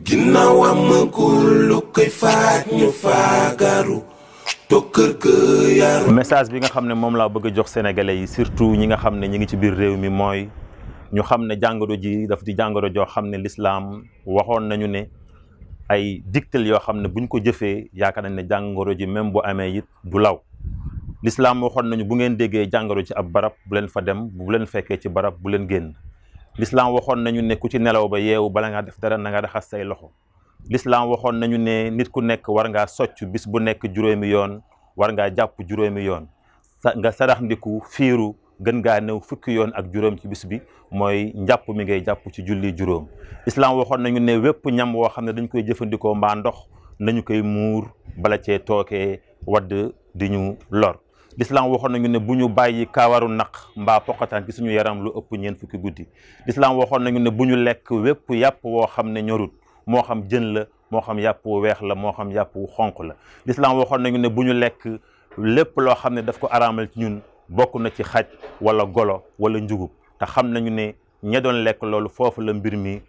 ginnaaw amagul lu koy faat ñu faagaru message bi nga xam ne moom laa bëgg a jox sénégalais yi surtout ñi nga xam ne ñi ngi ci biir réew mi mooy ñu xam ne jàngoro ji daf ci jàngoro joo xam ne lislaam waxoon nañu ne ay digtal yoo xam ne buñ ko jëfee yaakaar nañ ne jàngoro ji même bu amee it du law lislaam waxoon nañu bu ngeen déggee jàngoro ci ab barab bu leen fa dem bu leen fekkee ci barab bu leen génn lislaam waxoon nañu ne ku ci nelaw ba yeewu bala ngaa def dara nanga nga say loxo lislaam waxoon nañu ne nit ku nekk war ngaa socc bis bu nekk juróomi yoon war ngaa jàpp juróomi yoon sa nga sarax fiiru gën ngaa new fukki yoon ak juróom ci bis bi mooy njàpp mi ngay jàpp ci julli juróom islaam waxoon nañu ne wépp ñam woo xam ne dañ koy jëfandikoo mbaa ndox nañu koy muur bala cee tookee wadd di ñu lor lislaam waxoon nañu ne bu ñu bàyyi kaawaru naq mbaa poqataan ci suñu yaram lu ëpp ñeent fukki guddi lislaam waxoon nañu ne bu ñu lekk wépp yàpp woo xam ne ñorut moo xam jën la moo xam yàpp wu weex la moo xam yàpp wu xonq la lislaam waxoon nañu ne bu ñu lekk lépp loo xam ne daf ko araamal ci ñun bokk na ci xaj wala golo wala njugub te xam nañu ne ña doon lekk loolu foofu la mbir mi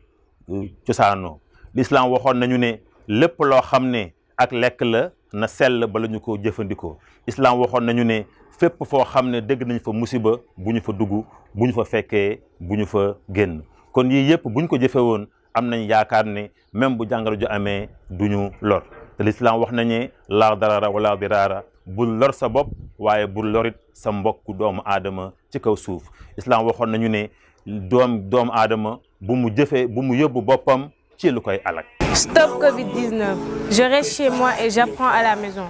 euh, cosaanoo lislaam woxoon nañu ne lépp loo xam ne ak lekk la na sell bala ñu ko jëfandikoo islaam waxoon nañu ne fépp foo xam ne dégg nañ fa musiba bu ñu fa dugg bu ñu fa fekkee bu ñu fa génn kon yii yëpp bu ñu ko jëfe woon am nañ yaakaar ne même bu jàngoro ju amee du ñu lor te lislaam wax nañu laa darara wala diraara bul lor sa bopp waaye bul lorit sa mbokku doomu aadama ci kaw suuf islaam waxoon nañu ne doom doomu aadama bu mu jëfee bu mu yóbbu boppam ci lu koy alak Stop Covid-19. Je reste chez moi et j'apprends à la maison.